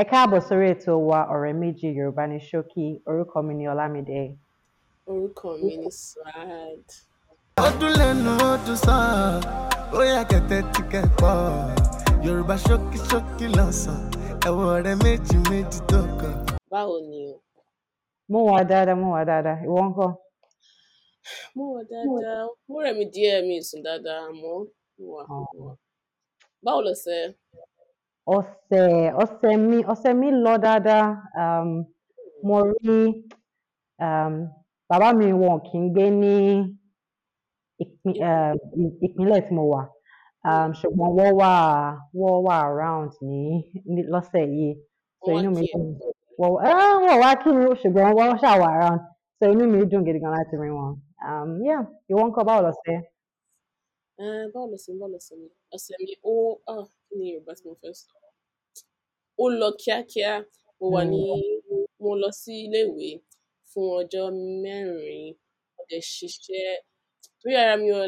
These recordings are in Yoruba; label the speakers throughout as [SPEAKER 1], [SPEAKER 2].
[SPEAKER 1] Ẹ káàbọ̀ sórí ètò wa ọ̀rẹ́ méjì Yorùbá ní ṣókí orúkọ mi ni Ọlámídé.
[SPEAKER 2] Orúkọ mi ni Saad. Ọdún lẹ́nu ọdún sàn, ó yà ti kẹ́kọ̀ọ́. Yorùbá ṣókí ṣókí lọ́sàn,
[SPEAKER 1] ẹ̀wọ̀n ọ̀rẹ́ méjì méjì tó kàn.
[SPEAKER 2] Báwo ni o?
[SPEAKER 1] Mo wà dáadáa, mo wà dáadáa, ìwọ ń kọ́?
[SPEAKER 2] Mo wà dáadáa, mo rẹ̀ mí díẹ̀ mi sùn dáadáa, mo wà. Báwo lọ sẹ́?
[SPEAKER 1] ọ̀sẹ̀ ọ̀sẹ̀ mi ọ̀sẹ̀ mi lọ dáadáa. um mo rí, àm, um, bàbá mi wọ́n kì í gbé ní ìpín, um, tí mo wà. Àm, um, ṣùgbọ́n wà, wọ́n wà around ní, ní yìí. So inú mi ti ẹ̀. dùn. Wọ́n wà, ah, wọ́n wá kí mi, ṣùgbọ́n wọ́n ṣà wà around. So inú mi dùn gidi gan láti rí wọn. yeah, ìwọ ńkọ́ báwo lọ́sẹ̀?
[SPEAKER 2] Ẹ ah, báwo lọ sí, báwo lọ sí ni? mi, ó, ah, kí ni Yorùbá tí mo fẹ́ sọ? ó lọ kíákíá. Mo wà ní, hmm. mo lọ sí ilé ìwé fún ọjọ́ mẹ́rin. Mo dẹ̀ ṣiṣẹ́ torí ara mi ò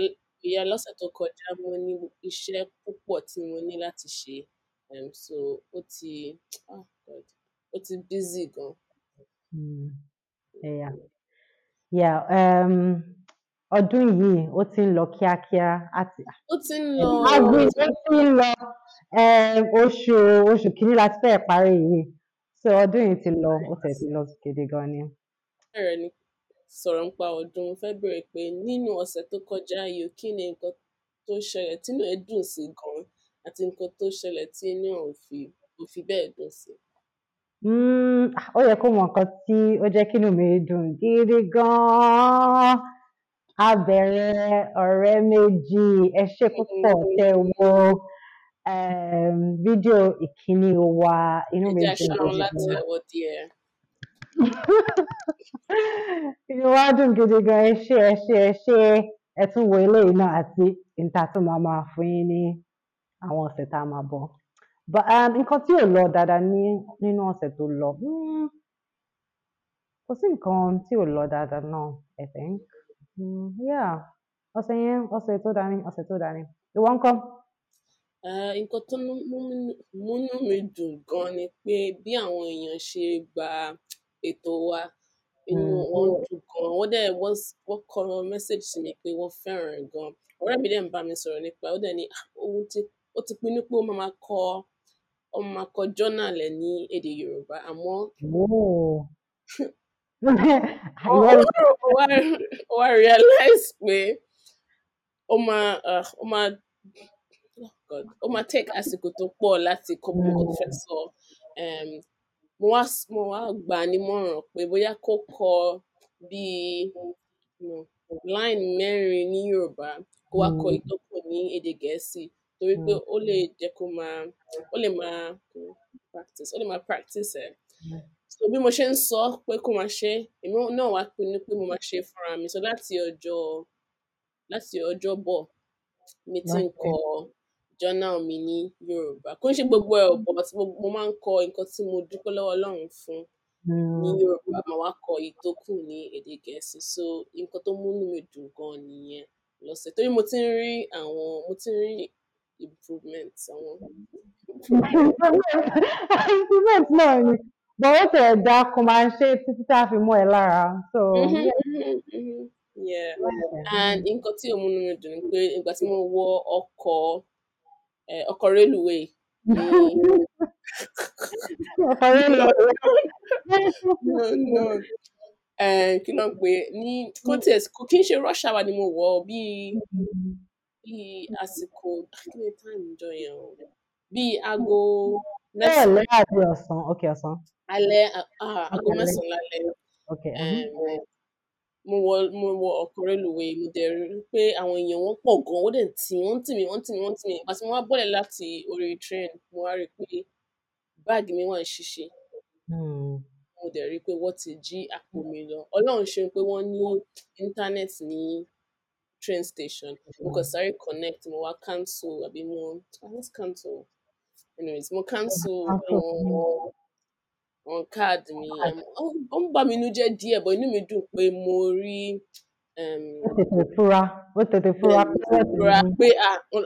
[SPEAKER 2] yá lọ́sẹ̀ tó kọjá. Mo ní iṣẹ́ púpọ̀ tí mo ní láti ṣe. Ehm, so ó ti, ah, ó ti busy gan.
[SPEAKER 1] Mm. Yeah. Yeah. Um, ọdún yìí ó ti ń lọ kíákíá. A ti,
[SPEAKER 2] Ó ti ń lọ. a ó ti ń lọ
[SPEAKER 1] um oṣù oṣù kìíní láti fẹ́ parí yìí so ọdún yìí ti lọ ó tẹ̀ ti lọ gidi gan ni.
[SPEAKER 2] bẹ́ẹ̀ ni sọ̀rọ̀ nípa ọdún fẹ́ bèrè pé nínú ọ̀sẹ̀ tó kọjá yìí kí ni nǹkan tó ṣẹlẹ̀ tínú ẹ̀ dùn sí gan àti nǹkan tó ṣẹlẹ̀ tí inú ẹ̀ ò fi bẹ́ẹ̀ dùn sí.
[SPEAKER 1] Hmm, ó yẹ kó mọ nǹkan tí ó jẹ́ kínú mi dùn gidi gan-an a ọ̀rẹ́ méjì ẹ ṣé púpọ̀ mm-hmm. tẹ́ wọ́n um, ehm, fídíò ìkíní wa inú mi dùn gidi
[SPEAKER 2] gan.
[SPEAKER 1] inú wa dùn gidi gan ẹ ṣé ẹ ṣé ẹ ṣé ẹ tún wo eléyìí náà àti níta tó máa máa fún yín ní àwọn ọ̀sẹ̀ tá a máa bọ̀ ehm, nǹkan tí ò lọ dáadáa nínú ọ̀sẹ̀ tó lọ hmm, kò sí nǹkan tí ò lọ dáadáa náà I think hmm, yeah ọ̀sẹ̀ yẹn ọ̀sẹ̀ tó dání ọ̀sẹ̀ tó dání ìwọ ńkọ́.
[SPEAKER 2] Eh, nǹkan tó múnú mi dùn gan ni pé bí àwọn èèyàn ṣe gba ètò wa, inú hmm. wọn dùn gan. Wọ́n dẹ̀, wọ́n, s- wọ́n kọ message sí mi pé wọ́n fẹ́ràn rẹ̀ gan. Ọ̀rẹ́ mi dẹ̀ ń bá mi sọ̀rọ̀ nípa ẹ̀, ó dẹ̀ ní, "Ah, òun ti, ó ti pinnu pé ó máa ma kọ, ó máa ma kọ journal ẹ̀ ní èdè Yorùbá." Àmọ́ Oh.
[SPEAKER 1] ó, ó, Ìyẹn ó
[SPEAKER 2] wá, ó wá realize pé ó máa, ah, ó máa God ó máa take àsìkò tó pọ̀ láti kó gbogbo nǹkan fẹ́ sọ um mo wá mo wá gbà á nímọ̀ràn pé bóyá kó kọ bíi hmm, line mẹ́rin ní Yorùbá kó wá kọ hmm. ìtọ́kùn ní èdè Gẹ̀ẹ́sì torí pé hmm. ó lè jẹ́ kó máa ó lè máa practice ó lè máa practice ẹ̀ so bí mo ṣe ń sọ pé kó máa ṣe èmi náà wá pinnu pé mo máa ṣe fúnra mi so láti ọjọ́ láti ọjọ́ bọ̀ mi ti ń kọ journal mi ní Yorùbá. Kò n ṣe gbogbo ẹ̀ o, but mo máa ń kọ nǹkan tí mo dúpẹ́ lọ́wọ́ Ọlọ́run fún ní hmm. Yorùbá, màá wá kọ èyí tó kù ní èdè Gẹ̀ẹ́sì. So nǹkan tó mú inú mi dùn gan nìyẹn lọ́sẹ̀. Torí mo ti ń rí àwọn, mo ti ń rí improvement àwọn.
[SPEAKER 1] Improvement náà ni, but ó ti ẹ̀ dá ko ṣe títí tá a fi mọ́ ẹ lára. So. Mm-hmm, mm-hmm,
[SPEAKER 2] mm-hmm. Yeah, and nǹkan tí ó mú inú mi dùn ni pé ìgbà tí mo wọ ọkọ̀ Eh, ọkọ̀ rélùwé ọkọ̀ rélùwé no eh, kí ló ń pè ní contest kò kí n ṣe rush hour ni mo wọ̀ bíi bíi àsìkò kí ni time jọ yẹn o bíi aago mẹ́sàn-án. bẹ́ẹ̀ lẹ́yìn àti
[SPEAKER 1] ọ̀sán ok ọ̀sán.
[SPEAKER 2] alẹ́ ah, ah, aago mẹ́sàn-án lálẹ́. ok. Eh, uh-huh mo wọ, mo wọ ọkọ̀ reluwé, mo dẹ̀ ríi pé àwọn èèyàn wọ́n pọ̀ gan, wọ́n dẹ̀ tì, wọ́n tì mí, wọ́n tì mí, wọ́n tì mí. Ìgbà mo wá bọ́lẹ̀ láti ori train, mo wá rí pé báàgì mi wà ní ṣíṣe. Hmm. Mo dẹ̀ rí pé wọ́n ti jí àpò mi lọ. Ọlọ́run ṣeun pé wọ́n ní íńtánẹ́ẹ̀tì ní train station. Mo kàn sáré connect, mo wa cancel àbí mo, I just cancel. Anyways, mo cancel Aṣọ on card mi ó ń bà mí inú jẹ́ díẹ̀ bọ inú mi dùn pé mo rí.
[SPEAKER 1] ó tètè fura ó tètè fura fura
[SPEAKER 2] pé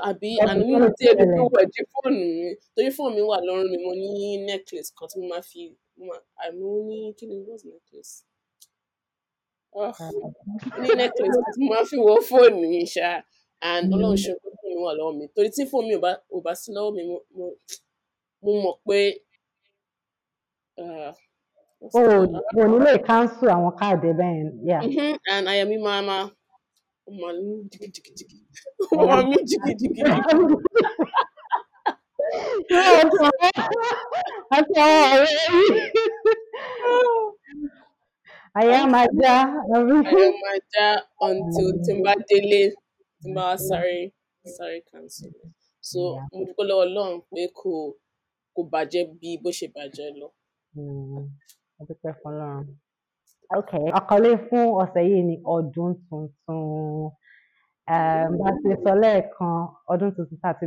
[SPEAKER 2] àbí àná mi ò tiẹ̀ lè fi wẹ̀ jí fóònù mi torí fóònù mi wà lọ́rùn mi mo ní necklace kan tí mo máa fi àmì ó ní kí ni what's necklace ah, ah. ní necklace tí mo máa fi wọ fóònù mi ṣá and hmm. ọlọ́run ṣe kó fóònù mi wà lọ́wọ́ mi torí tí fóònù mi ò bá sí lọ́wọ́ mi mo mọ̀ pé oh o ní lè
[SPEAKER 1] cancel àwọn káàdì ẹ bẹ́ẹ̀ yẹn. Mm-hmm,
[SPEAKER 2] and àyà mi máa ma ọmọ mi jìgìjìgì ọmọ mi jìgìjìgì.
[SPEAKER 1] àti àwọn ọ̀rẹ́ yìí. àyà máa já. àyà
[SPEAKER 2] máa já until tí n bá délé tí n bá sáré sáré cancel so mo dúpẹ́ lọ́wọ́ Ọlọ́run pé kò kò bàjẹ́ bí bó ṣe bàjẹ́ lọ.
[SPEAKER 1] Hmm, a dúpẹ́ fún Ọlọ́run. Okay, àkọlé fún ọ̀sẹ̀ yìí ni ọdún tuntun. Um, bá a ṣe sọ lẹ́ẹ̀kan, ọdún tuntun tá a ti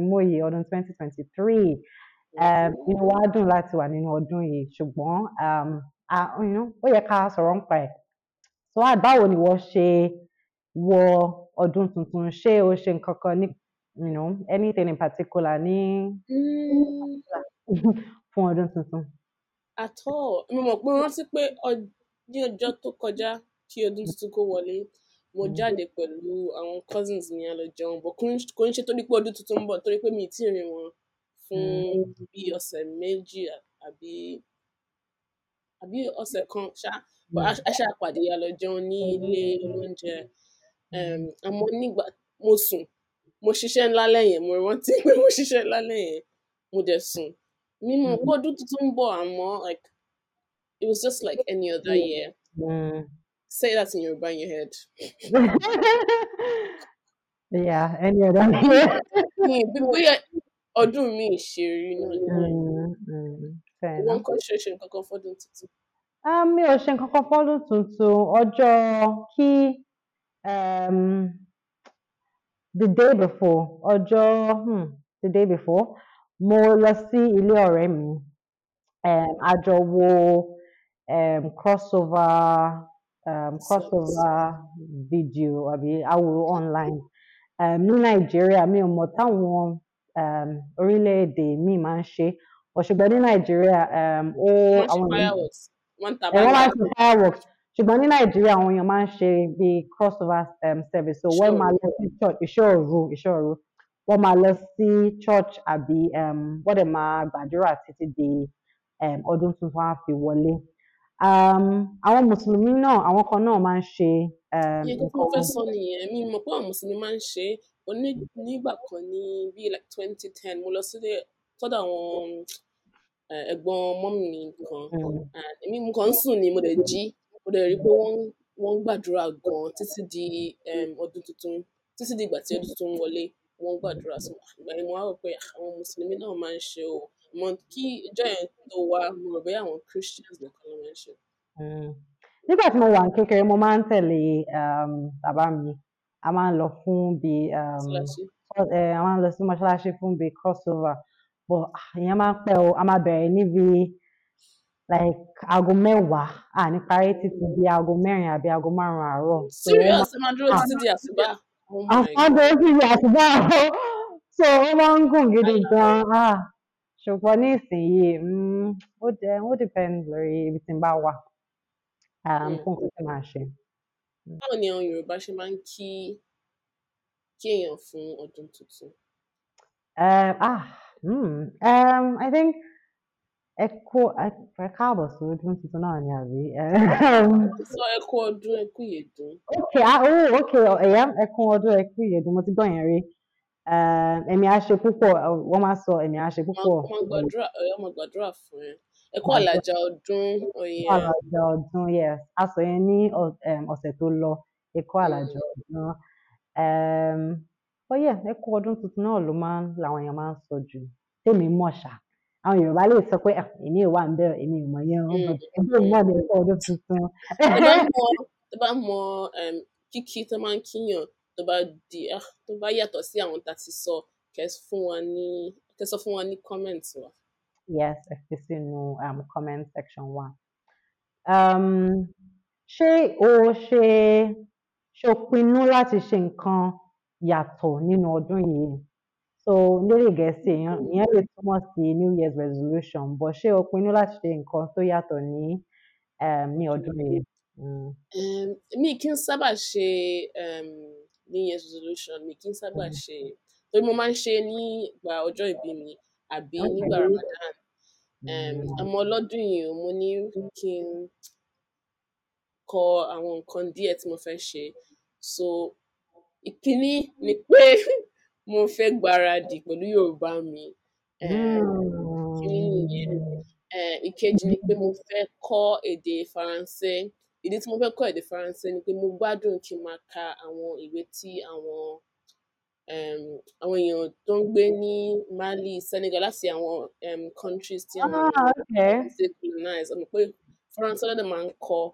[SPEAKER 1] twenty twenty three. 2023. Eh, um, inú wa dùn láti wà nínú ọdún yìí, ṣùgbọ́n um, a, you know, ó yẹ ká sọ̀rọ̀ nípa ẹ̀. Suad, báwo ni wọ́n ṣe wọ ọdún tuntun? Ṣé o ṣe nǹkan kan ní, you know, anything in particular ní
[SPEAKER 2] Mm.
[SPEAKER 1] fún ọdún tuntun?
[SPEAKER 2] at all. Mo mọ̀ pé mo rántí pé ní ọjọ́ tó kọjá kí ọdún tuntun kó wọlé, mo hmm. jáde pẹ̀lú àwọn cousins mi a lọ jẹun, but kò ń ṣe torí pé ọdún tuntun ń bọ̀, torí pé mi ò tíì rí wọn fún hmm. bí ọ̀sẹ̀ méjì àbí, àbí ọ̀sẹ̀ kan ṣá. But hmm. a ṣà pàdé a ní ilé olóúnjẹ. Ehm, nígbà mo sùn, mo ṣiṣẹ́ ńlá lẹ́yìn, mo rántí pé mo ṣiṣẹ́ ńlá lẹ́yìn, mo dẹ̀ sùn. mímọ mm-hmm. like it was just like any other year mm. say that in your brain, your head
[SPEAKER 1] yeah any other year
[SPEAKER 2] bóyá ọdún me, sure, you know. wọn kọ ṣe ṣe nǹkan
[SPEAKER 1] kan fọdún ah, ọjọ́ kí um, the day before ọjọ́ hmm, the day before. mo lọ sí ilé ọ̀rẹ́ mi, um, a wo um, crossover um, crossover video àbí àwòrán online. Um, ní Nàìjíríà mi ò mọ̀ táwọn um, orílẹ̀-èdè míì máa ń ṣe but ní Nàìjíríà um, ó àwọn
[SPEAKER 2] èèyàn máa ń ṣe
[SPEAKER 1] fireworks ṣùgbọ́n ní Nàìjíríà àwọn èèyàn máa ń ṣe bíi crossover um, service so wọ́n máa lọ sí church ìṣòro ìṣòro wọ́n máa lọ sí church àbí um wọ́n dẹ̀ máa gbàdúrà títí di um ọdún tuntun á fi wọlé. Um, àwọn mùsùlùmí náà àwọn kan náà máa ń ṣe. Um, ìyẹn tó fẹ́ sọ
[SPEAKER 2] nìyẹn mi mọ̀ pé àwọn mùsùlùmí máa ń ṣe onígbà kan ní bíi like twenty ten mo lọ sílé sọ́dọ̀ àwọn eh, ẹ̀gbọ́n mọ́mì mi kan hmm. èmi mo kàn ń sùn ni mo dẹ̀ jí mo dẹ̀ rí pé wọ́n wọ́n gbàdúrà gan-an títí di um, ọdún tuntun títí di ìgbà tí ọdún tuntun wọlé wọ́n gbàdúrà sí wọn àgbà ni mo wá rò pé ah, àwọn mùsùlùmí náà máa ń ṣe o mọ kí ìjọ yẹn tó wá mo rò bẹ́ẹ̀ àwọn christians nìkan ló máa ń ṣe. Hmm.
[SPEAKER 1] nígbà tí mo wà ní kékeré mo máa ń tẹ̀lé um, bàbá mi a máa ń lọ fún bí um, eh, a máa ń lọ sí mọ́ṣáláṣí fún bí crossover but ah, ìyẹn máa ń pẹ́ o a máa bẹ̀rẹ̀ níbi like aago mẹ́wàá à ní parí títí di aago mẹ́rin àbí aago márùn-ún àárọ̀. serious ẹ máa dúró títí di
[SPEAKER 2] àsùbá àfádé
[SPEAKER 1] sì àtúbà ó so orang máa ń gùn Ah, gan ni ṣùgbọ́n hmm, ìsinyìí ó jẹ́ ó depend lórí ibi tí n bá wà ah, hmm. fún nǹkan tí màá ṣe.
[SPEAKER 2] Hmm. báwo ni àwọn Yorùbá ṣe máa ń kí kí èèyàn fún ọdún tuntun?
[SPEAKER 1] Eh, ah, hmm, um, I think ẹ kó ẹ káàbọ̀ sórí ọdún tuntun náà ni àbí.
[SPEAKER 2] sọ ẹ kú ọdún ẹ kú ìyèdún. ok owó
[SPEAKER 1] ok ẹ̀yà ẹ kú ọdún ẹ kú ìyèdún mo ti gbọ́ yẹn rí ẹ̀mí àṣẹ púpọ̀ wọ́n máa sọ ẹ̀mí àṣẹ púpọ̀.
[SPEAKER 2] ọmọ gbàdúrà fún ẹ ẹ kú àlàjà ọdún oyè. àlàjà
[SPEAKER 1] ọdún yes a sọ yẹn ní ọ̀sẹ̀ tó lọ ẹ kú àlàjà mm. ọdún ọyẹ ẹ kú ọdún tuntun náà ló máa làwọn èèyàn máa ń sọ jù tèmi mọ̀ ṣáà àwọn Yorùbá lè sọ pé ah, èmi ò wà ń bẹ̀rẹ̀ èmi ò mọ̀ yẹn mm. ẹgbẹ́ mi náà lè fọ ọdún tuntun.
[SPEAKER 2] tó bá mọ kíkí tó máa ń kíyàn tó bá di ah, tó bá yàtọ̀ sí àwọn tá a ti sọ kẹ́ sọ fún wọn ní comment wa.
[SPEAKER 1] yes ẹ fi sínú um, comment section wa. Um, ṣé o ṣe ṣe o pinnu láti ṣe nǹkan yàtọ̀ nínú ọdún yìí? So lédè Gẹ̀ẹ́sì èèyàn ìyẹn lè túmọ̀ sí New Year's resolution but ṣé o pinnu láti ṣe nǹkan tó yàtọ̀ ní um ní ọdún yìí? Hmm.
[SPEAKER 2] mi kì í sábà ṣe New Year's resolution, mi kì í sábà hmm. ṣe torí mo máa ń ṣe nígbà ọjọ́ ìbí mi àbí nígbà Ramadan. Um, àmọ́ lọ́dún yìí mo ní kí n kọ àwọn nǹkan díẹ̀ tí mo fẹ́ ṣe. So ìkíní ni pé mo fẹ́ gbáradì pẹ̀lú yorùbá mi eh, hmm. eh, ìkejì ni pé mo fẹ́ kọ́ èdè faransé ìdí tí mo fẹ́ kọ́ èdè faransé ni pé mo gbádùn kí n máa ka àwọn ìwé tí àwọn ehm, àwọn èèyàn tó ń gbé ní mali senegal láti àwọn um, countries tí àwọn ah, èèyàn ṣe colonize ọmọ pé faransé lọ́dọ̀ máa ń kọ́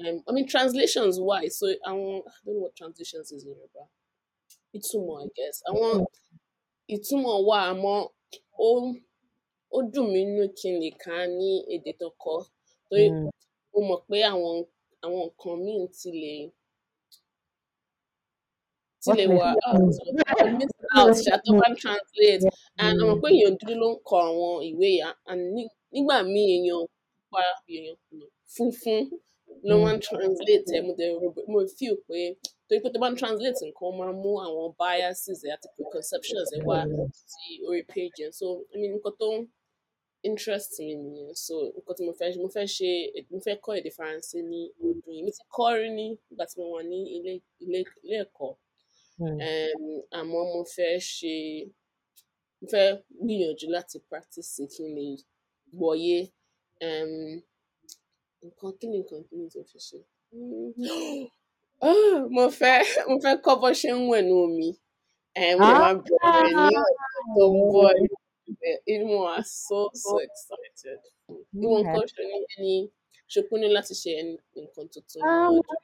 [SPEAKER 2] ehm, i mean translations why so àwọn i don't know what translations is in yorùbá. Ìtumọ̀ I guess. Àwọn hmm. ìtumọ̀ wà àmọ́ ó, ó dùn mí nínú kí n lè kà á ní èdè tán kọ. Torí Mm. mo mọ̀ pé àwọn, àwọn nǹkan míì ti lè, ti lè wà out sense? or or translate. Hmm. And mo mọ̀ pé èèyàn dúdú ló ń kọ àwọn ìwé yìí and ní, nígbà míì èèyàn pupa, èèyàn funfun ló hmm. máa ń translate ẹ̀. Mo dẹ̀ rò pé, mo feel pé torí pé tó bá ń translate nǹkan ó máa ń mú àwọn biases ẹ àti preconceptions ẹ wá sí orí page yẹn so I mean nǹkan tó ń interest mi nìyẹn so nǹkan tí mo fẹ́ mo fẹ́ ṣe mo fẹ́ kọ́ èdè faransé ní ọdún yìí mo ti kọ́ rí ní ìgbà tí mo wà ní ilé ilé ilé ẹ̀kọ́ hmm. àmọ́ mo fẹ́ ṣe mo fẹ́ gbìyànjú láti practice e kí n lè gbọ́yé nǹkan kí ni nǹkan kí ni tó fi ṣe. Mo fẹ́ mo fẹ́ kọ́ bọ́n ṣe ń wẹ̀ nínú omi. Ẹ̀h, mo máa ah! bẹ̀rẹ̀ ní ọ̀sẹ̀ tó Inú wọn so so excited. Bí wọn kò ṣe ní ẹni ṣokú ní láti ṣe ẹni nǹkan tuntun ní Ah, ọdún.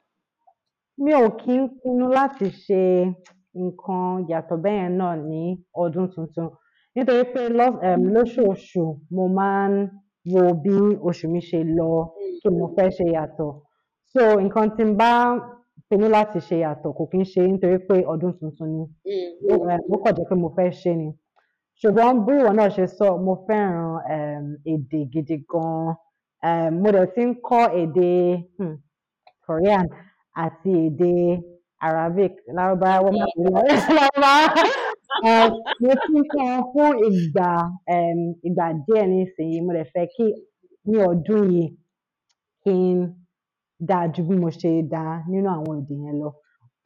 [SPEAKER 1] mi ò kí ń pinnu láti ṣe nǹkan yàtọ̀ bẹ́yẹn náà ní ọdún tuntun. Nítorí pé lọ́ um, lóṣooṣù mo máa ń wo bí oṣù mi ṣe lọ, hmm. kí mo fẹ́ ṣe yàtọ̀. So nǹkan tí n bá ṣe ní láti ṣe yàtọ̀ kò kí ń ṣe nítorí pé ọdún tuntun ni
[SPEAKER 2] mm-hmm. eh, ó
[SPEAKER 1] kàn jẹ́ pé mo fẹ́ ṣe ni ṣùgbọ́n bí ìwọ náà ṣe sọ mo fẹ́ràn ehm, èdè gidi gan-an eh, mo dẹ̀ ti ń kọ́ èdè hmm, Korean àti èdè Arabic lárúbáwá eh, mo ti ń kọ́ fún ìgbà ehm, ìgbà díẹ̀ nísìnyí mo dẹ̀ fẹ́ kí ní ọdún yìí kí n dáa ju bí mo ṣe dá nínú àwọn èdè yẹn lọ.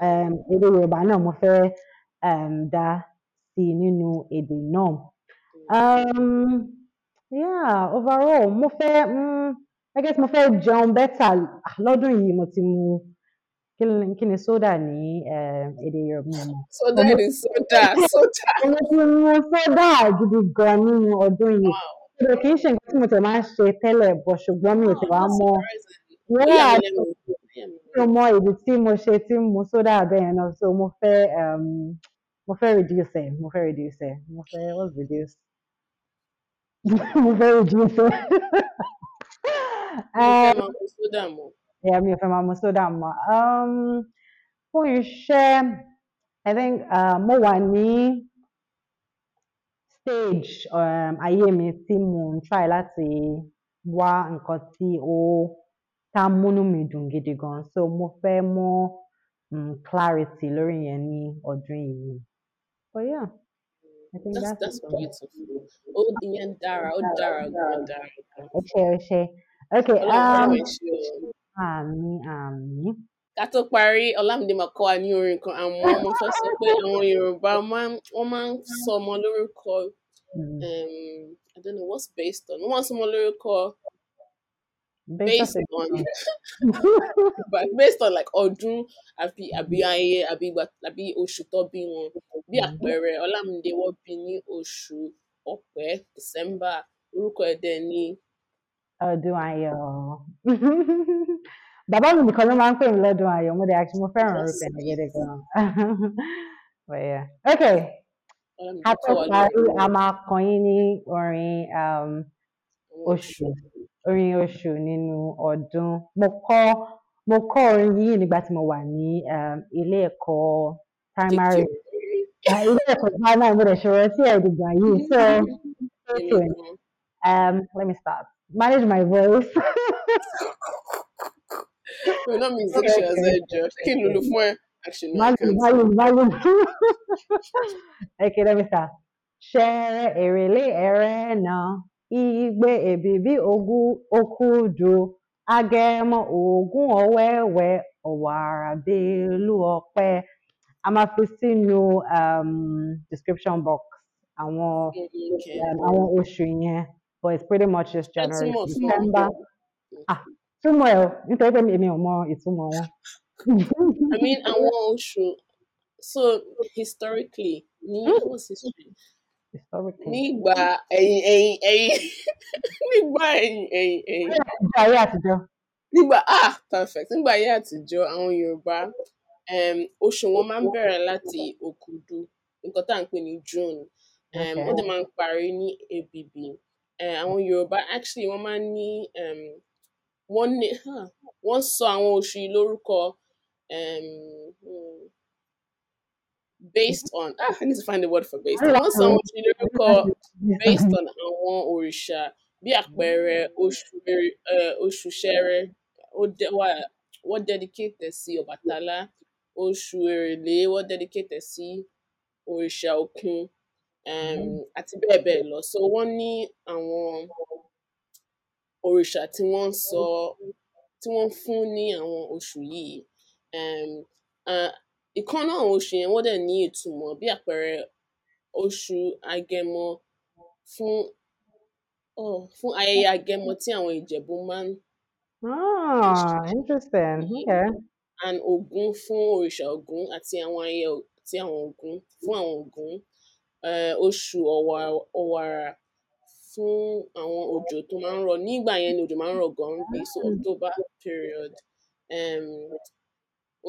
[SPEAKER 1] Um, èdè Yorùbá náà mo fẹ́ um, dá sí nínú èdè náà. Um, yeah, overall mo fẹ́, mm, I guess mo fẹ́ jẹun better ah, lọ́dún yìí mo ti mu kí ni soda ní um, èdè Yorùbá mo Soda ni soda, soda. Mo ti mu soda gidi gan nínú ọdún yìí. Wow. Kì í ṣe nǹkan tí mo tẹ̀ máa ń ṣe tẹ́lẹ̀ bọ̀ ṣùgbọ́n mi ò oh, tẹ̀ wá mọ̀ wúrà àti mi ò mọ ìdí tí mo ṣe tí ń mu sódà bẹ́ẹ̀ náà so mo fẹ́ um, mo fẹ́ reduce ẹ̀ mo fẹ́ reduce ẹ̀ mo fẹ́ what's reduce mo fẹ́ reduce ẹ̀. Eh, yeah, mi ò fẹ́ máa mu sódà mọ́. Um, fún iṣẹ́, I think uh, mo wà ní stage um, ayé mi tí mo ń try láti wá nǹkan tí ó. tá a múnú mi dùn gidi gan so mo fẹ́ mọ̀ um, mm, clarity lórí yẹn ní ọdún yìí but yeah. I think that's that's, that's
[SPEAKER 2] beautiful. oh ìyẹn dára, oh dára, ó dára.
[SPEAKER 1] Um, ẹ ṣe ẹ ṣe. Okay.
[SPEAKER 2] Àmì àmì. Ká tó parí, Ọlámídé máa kọ́ wa ní orin kan. Àwọn ọmọ fẹ́ sọ pé àwọn Yorùbá wọ́n máa ń sọ ọmọ lórúkọ hmm. um, I don't know what's based on. Wọ́n máa ń sọ ọmọ lórúkọ. based on but based on like ọdún àbí àbí ayé àbí ìgbà àbí oṣù tó bí wọn bí mm-hmm. àpẹẹrẹ Ọlámídé wọ́n bí ní oṣù Ọ̀pẹ December orúkọ ẹdẹ ní.
[SPEAKER 1] ọdún ayọ̀ bàbá mi nìkan ló máa ń pè mí lọ́dún ayọ̀ mo dé àti mo fẹ́ràn orúkọ ẹ̀mí gidi gan-an okay a tó parí a máa kàn yín ní orin um, oṣù. Um, orin oṣù nínú ọdún. Mo kọ́ mo kọ́ orin yìí nígbà tí mo wà ní um, ilé ẹ̀kọ́ primary uh, ilé ẹ̀kọ́ primary mo dẹ̀ ṣe rántí ẹ̀ dìgbà so um, let me start manage my voice.
[SPEAKER 2] We're not musicians, okay. Eh, Josh. Kí lulu fún ẹ? Actually, no. Malu,
[SPEAKER 1] Okay, let me start. Share, èrèlé ẹ̀rẹ̀ náà. Igbe ebibi Ọgụọkụdu agema ogun owewe ọwara ope. A máa fi sínú um, description box àwọn um, àwọn oṣù yẹn but it's pretty much just January December. Ah, túmọ̀ ẹ̀ nítorí pé èmi ò mọ ìtumọ̀ wọn.
[SPEAKER 2] I mean àwọn oṣù so historically ní what's history? historic thing. nígbà ẹ̀yìn ẹ̀yìn ẹ̀yìn nígbà ẹ̀yìn ẹ̀yìn ẹ̀yìn. nígbà ayé àtijọ́. nígbà ah perfect nígbà ayé àtijọ́ àwọn Yorùbá oṣù wọn máa ń bẹ̀rẹ̀ láti Òkúdu nǹkan tá à ń pè ní June wọ́n dẹ̀ máa ń parí ní Èbìbì àwọn Yorùbá actually wọ́n máa ń ní wọ́n ní wọ́n sọ àwọn oṣù yìí lórúkọ. Hmm, based on ah, I need to find the word for based on. Wọ́n sọ wọn know lórúkọ based on àwọn òrìṣà bí àpẹẹrẹ oṣù eh, ṣẹrẹ What Dedicated sí Ọbàtálá oṣù èrèlé wọ́n dedicated sí òrìṣà òkun ehm, mm-hmm. àti bẹ́ẹ̀ bẹ́ẹ̀ lọ. So One ní àwọn òrìṣà tí wọ́n sọ tí one fún ní àwọn oṣù Um, uh, Ìkan náà oṣù yẹn wọ́n dẹ̀ ní ìtumọ̀ bí àpẹẹrẹ oṣù Agẹmọ fún um fún ayẹyẹ Agẹmọ tí àwọn Ìjẹ̀bú máa ń
[SPEAKER 1] Ah, interesting. Okay.
[SPEAKER 2] and ogun fún òrìṣà Ògún àti àwọn ayẹyẹ tí àwọn Ògún fún àwọn Ògún. um oṣù Ọ̀wàrà Ọ̀wàrà fún àwọn òjò tó máa ń rọ̀. Nígbà yẹn ni òjò máa ń rọ̀ gan níbi so hmm. October period. Um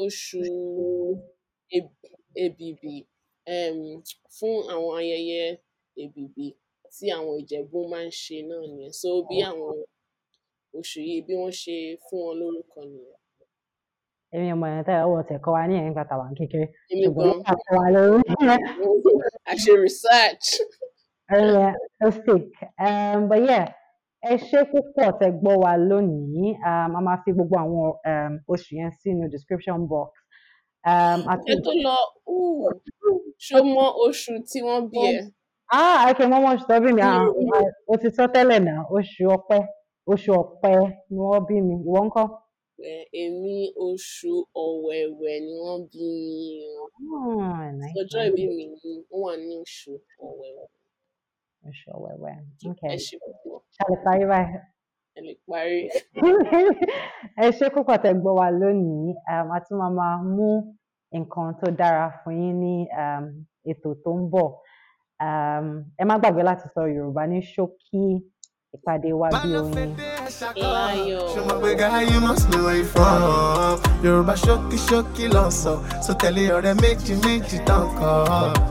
[SPEAKER 2] oṣù èbìbì um ehm, fún àwọn ayẹyẹ èbìbì tí àwọn Ìjẹ̀bú máa ń ṣe náà nìyẹn. So bí àwọn oṣù yìí bí wọ́n ṣe fún wọn lórúkọ nìyẹn.
[SPEAKER 1] Èmi ò mọ̀ ìyẹn tẹ́lẹ̀, wọn ò tiẹ̀ kọ́ wa ní ìyẹn nígbà tá a wà ní kékeré. Èmi gan. Ṣùgbọ́n wọ́n kọ́ wa lórí. I
[SPEAKER 2] ṣe research.
[SPEAKER 1] Ẹyẹ ó sick. Um, but yeah, ẹ ṣé púpọ̀ tẹ́ gbọ́ wa lónìí. Um, a máa fi gbogbo àwọn um, oṣù yẹn sínú description box.
[SPEAKER 2] Um, I think. Ẹ tó lọ, ṣo mọ oṣù tí Ah, ẹ̀fẹ̀ mọ́ mọ́ oṣù tó bí mi, o ti sọ tẹ́lẹ̀ náà, oṣù ọ̀pẹ,
[SPEAKER 1] oṣù ọ̀pẹ ni wọ́n bí mi, ìwọ ńkọ́?
[SPEAKER 2] Èmi oṣù ọ̀wẹ̀wẹ̀ ni wọ́n bí mi. Ah, Ọjọ́ ìbí mi ni wọ́n wà ní oṣù ọ̀wẹ̀wẹ̀.
[SPEAKER 1] Oṣù ọ̀wẹ̀wẹ̀,
[SPEAKER 2] okay. Ẹ ṣe púpọ̀. Ṣàlùfáyé parí. ẹ
[SPEAKER 1] ṣe kókò tẹ́ gbọ́ wa lónìí um, a tún máa máa mú nǹkan tó dára fún yín ní um, ètò tó ń bọ̀ um, ẹ má gbàgbé láti sọ Yorùbá ní ṣókí ìpàdé wa bí oyin.
[SPEAKER 2] ṣọmọ pé gáyé mọ̀sùn ló ìfọ̀n Yorùbá ṣókí ṣókí lọ sọ sọ tẹ̀lé ọ̀rẹ́ méjì méjì tán kọ́.